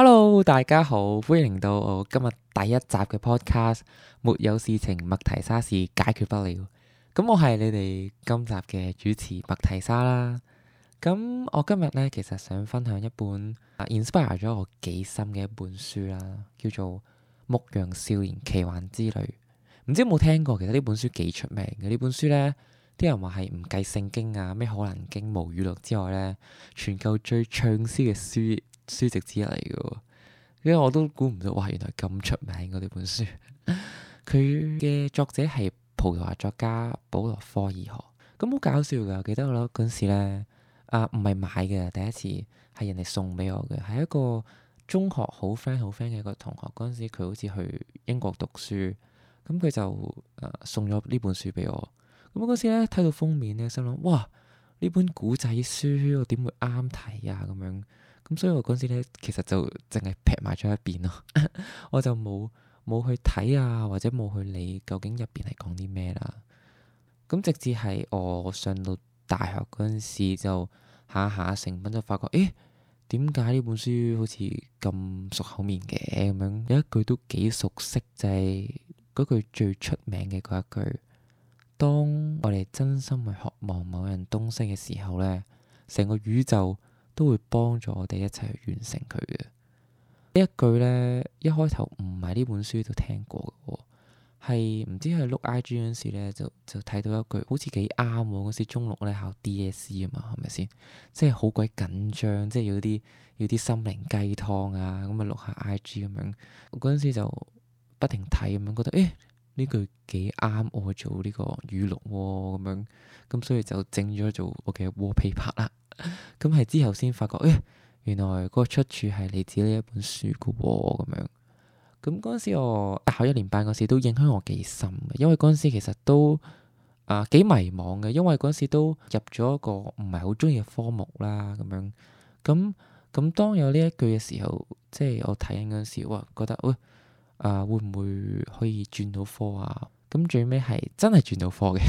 Hello，大家好，歡迎嚟到我今日第一集嘅 podcast。沒有事情，麥提莎事解決不了。咁我係你哋今集嘅主持麥提莎啦。咁我今日咧，其實想分享一本、啊、inspire 咗我幾深嘅一本書啦，叫做《牧羊少年奇幻之旅》。唔知有冇聽過？其實呢本書幾出名嘅。呢本書咧，啲人話係唔計聖經啊，咩可能經、無語錄之外咧，全球最暢銷嘅書。書籍之一嚟嘅，因為我都估唔到，哇！原來咁出名嗰呢本書，佢 嘅作者係葡萄牙作家保羅科爾賀，咁好搞笑嘅。我記得我嗰陣時咧啊，唔係買嘅，第一次係人哋送俾我嘅，係一個中學好 friend 好 friend 嘅一個同學嗰陣時，佢好似去英國讀書，咁佢就誒、呃、送咗呢本書俾我。咁嗰時咧睇到封面咧，心諗哇，呢本古仔書我點會啱睇啊？咁樣。咁所以我嗰時咧，其實就淨係劈埋咗一邊咯， 我就冇冇去睇啊，或者冇去理究竟入邊係講啲咩啦。咁直至係我上到大學嗰陣時，就下下成品就發覺，咦，點解呢本書好似咁熟口面嘅咁樣？有一句都幾熟悉，就係、是、嗰句最出名嘅嗰一句：當我哋真心去渴望某樣東西嘅時候咧，成個宇宙。都會幫助我哋一齊去完成佢嘅。呢一句咧，一開頭唔係呢本書都聽過嘅、哦，係唔知係錄 I G 嗰時咧，就就睇到一句好似幾啱。嗰時中六咧，考 D S E 啊嘛，係咪先？即係好鬼緊張，即係要啲要啲心靈雞湯啊，咁啊錄下 I G 咁樣。我嗰陣時就不停睇咁樣，覺得誒，呢句幾啱，我去做呢個語錄咁、啊、樣，咁所以就整咗做我嘅 wallpaper》啦。咁係之後先發覺，誒、哎，原來嗰個出處係嚟自呢一本書嘅、啊，咁樣。咁嗰陣時我考、啊、一年半嗰時，都影響我幾深嘅，因為嗰陣時其實都啊幾、呃、迷惘嘅，因為嗰陣時都入咗一個唔係好中意嘅科目啦，咁樣。咁咁當有呢一句嘅時候，即係我睇緊嗰陣時，哇，覺得喂，啊、哎呃，會唔會可以轉到科啊？咁最尾係真係轉到科嘅，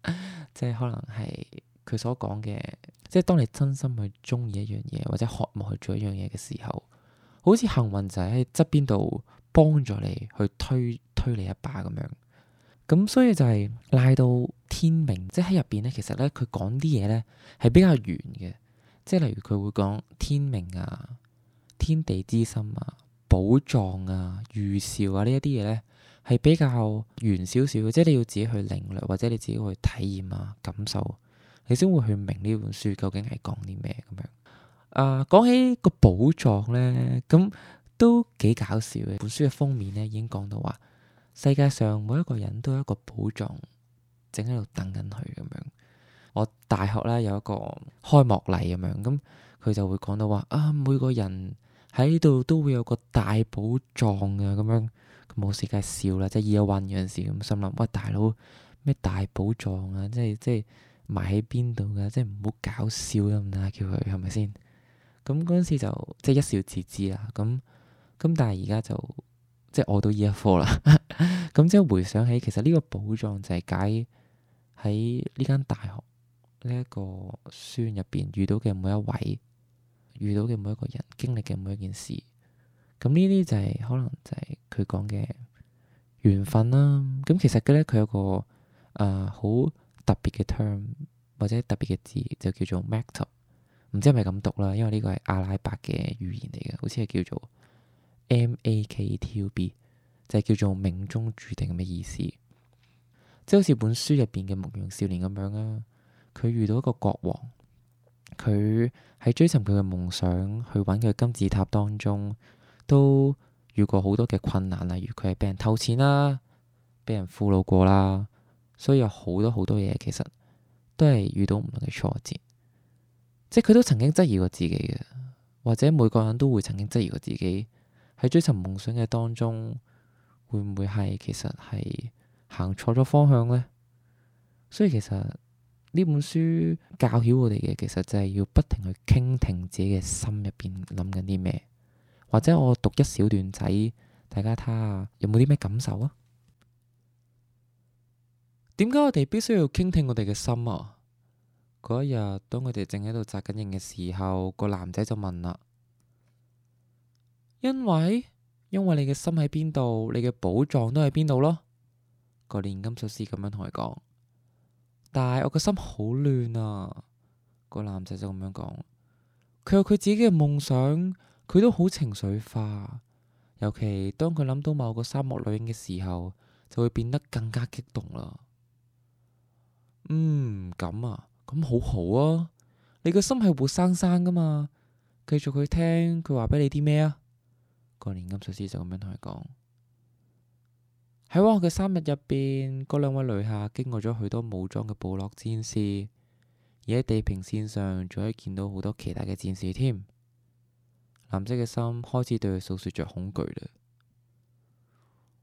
即係可能係。佢所講嘅，即係當你真心去中意一樣嘢，或者渴望去做一樣嘢嘅時候，好似幸運就係喺側邊度幫助你去推推你一把咁樣。咁所以就係賴到天命，即係喺入邊咧，其實咧佢講啲嘢咧係比較玄嘅。即係例如佢會講天命啊、天地之心啊、寶藏啊、預兆啊呢一啲嘢咧，係比較玄少少嘅，即係你要自己去領略，或者你自己去體驗啊、感受。你先會去明呢本書究竟係講啲咩咁樣？啊，講起個寶藏咧，咁都幾搞笑嘅。本書嘅封面咧已經講到話，世界上每一個人都有一個寶藏正，整喺度等緊佢咁樣。我大學咧有一個開幕禮咁樣，咁佢就會講到話啊，每個人喺度都會有個大寶藏啊，咁樣，咁我梗係笑啦，即係耳鬢邊有陣時咁心諗，喂，大佬咩大寶藏啊，即係即係。埋喺邊度噶？即係唔好搞笑咁啦，叫佢係咪先？咁嗰陣時就即係一笑置之啦。咁咁但係而家就即係我到依一科啦。咁 即係回想起，其實呢個寶藏就係解喺呢間大學呢一個書院入邊遇到嘅每一位，遇到嘅每一個人，經歷嘅每一件事。咁呢啲就係、是、可能就係佢講嘅緣分啦。咁其實嘅咧，佢有個啊好。呃特別嘅 term 或者特別嘅字就叫做 maktub，唔知係咪咁讀啦，因為呢個係阿拉伯嘅語言嚟嘅，好似係叫做 m a k e t o b e 就係叫做命中註定咁嘅意思。即係好似本書入邊嘅牧羊少年咁樣啦，佢遇到一個國王，佢喺追尋佢嘅夢想去揾佢金字塔當中，都遇過好多嘅困難，例如佢係被人偷錢啦，被人俘虜過啦。所以有好多好多嘢，其實都係遇到唔同嘅挫折，即係佢都曾經質疑過自己嘅，或者每個人都會曾經質疑過自己喺追尋夢想嘅當中，會唔會係其實係行錯咗方向咧？所以其實呢本書教曉我哋嘅，其實就係要不停去傾聽自己嘅心入邊諗緊啲咩，或者我讀一小段仔，大家睇下有冇啲咩感受啊？點解我哋必須要傾聽我哋嘅心啊？嗰一日，當佢哋正喺度紮緊營嘅時候，個男仔就問啦：因為因為你嘅心喺邊度，你嘅寶藏都喺邊度咯。個煉金術師咁樣同佢講，但係我個心好亂啊。個男仔就咁樣講，佢有佢自己嘅夢想，佢都好情緒化，尤其當佢諗到某個沙漠女人嘅時候，就會變得更加激動啦。嗯，咁啊，咁好好啊！你個心係活生生噶嘛？繼續佢聽佢話畀你啲咩啊？個煉金術師就咁樣同佢講。喺往後嘅三日入邊，嗰兩位旅客經過咗許多武裝嘅部落戰士，而喺地平線上仲可以見到好多其他嘅戰士添。藍色嘅心開始對佢訴說着恐懼啦。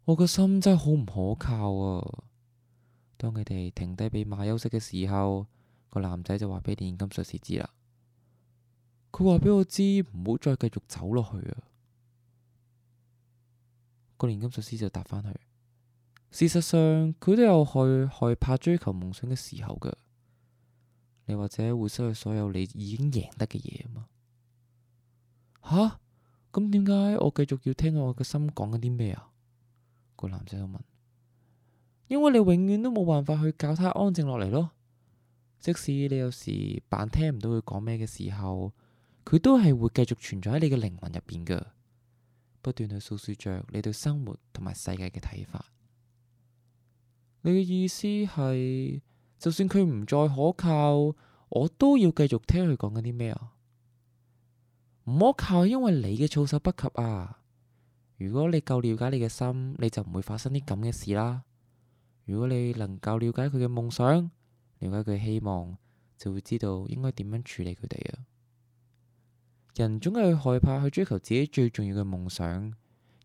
我個心真係好唔可靠啊！當佢哋停低俾馬休息嘅時候，個男仔就話畀年金術師知啦。佢話畀我知，唔好再繼續走落去啊。個年金術師就答翻佢，事實上，佢都有害害怕追求夢想嘅時候噶。你或者會失去所有你已經贏得嘅嘢啊嘛。吓、啊，咁點解我繼續要聽我個心講緊啲咩啊？個男仔就問。因為你永遠都冇辦法去教他安靜落嚟咯。即使你有時扮聽唔到佢講咩嘅時候，佢都係會繼續存在喺你嘅靈魂入邊㗎，不斷去訴說着你對生活同埋世界嘅睇法。你嘅意思係，就算佢唔再可靠，我都要繼續聽佢講緊啲咩啊？唔可靠，因為你嘅措手不及啊。如果你夠了解你嘅心，你就唔會發生啲咁嘅事啦。如果你能夠了解佢嘅夢想，了解佢嘅希望，就會知道應該點樣處理佢哋啊。人總係害怕去追求自己最重要嘅夢想，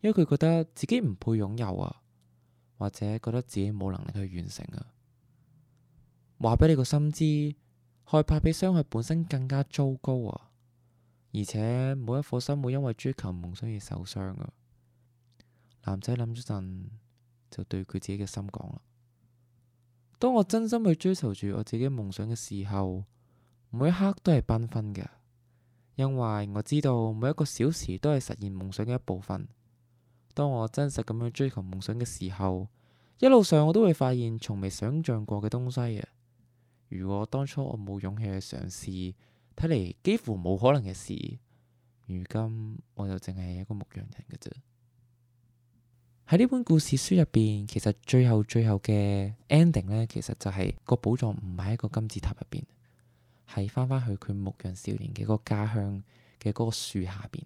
因為佢覺得自己唔配擁有啊，或者覺得自己冇能力去完成啊。話俾你個心知，害怕比傷害本身更加糟糕啊。而且每一顆心會因為追求夢想而受傷啊。男仔諗咗陣，就對佢自己嘅心講啦。當我真心去追求住我自己夢想嘅時候，每一刻都係繽紛嘅，因為我知道每一個小時都係實現夢想嘅一部分。當我真實咁樣追求夢想嘅時候，一路上我都會發現從未想象過嘅東西啊！如果當初我冇勇氣去嘗試，睇嚟幾乎冇可能嘅事，如今我就淨係一個牧羊人嘅啫。喺呢本故事書入邊，其實最後最後嘅 ending 咧，其實就係個寶藏唔係喺一個金字塔入邊，係翻返去佢牧羊少年嘅嗰個家鄉嘅嗰個樹下邊。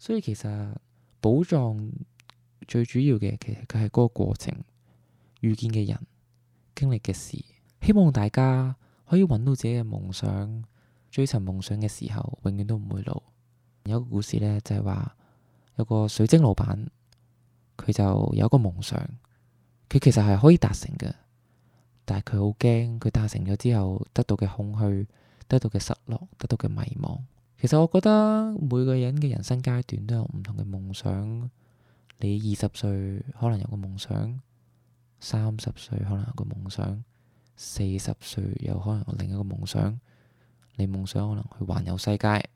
所以其實寶藏最主要嘅，其實佢係嗰個過程遇見嘅人經歷嘅事。希望大家可以揾到自己嘅夢想，追尋夢想嘅時候永遠都唔會老。有一個故事咧，就係話有個水晶老闆。佢就有一個夢想，佢其實係可以達成嘅，但係佢好驚佢達成咗之後得到嘅空虛、得到嘅失落、得到嘅迷茫。其實我覺得每個人嘅人生階段都有唔同嘅夢想。你二十歲可能有個夢想，三十歲可能有個夢想，四十歲有可能有另一個夢想。你夢想可能去環遊世界，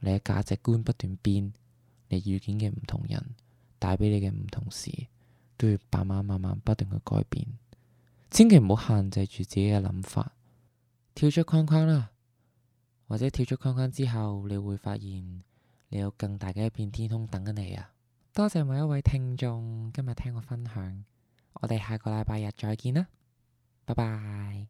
你嘅價值觀不斷變，你遇見嘅唔同人。帶畀你嘅唔同時，都要慢慢、慢慢、不斷去改變，千祈唔好限制住自己嘅諗法，跳出框框啦，或者跳出框框之後，你會發現你有更大嘅一片天空等緊你啊！多謝每一位聽眾今日聽我分享，我哋下個禮拜日再見啦，拜拜。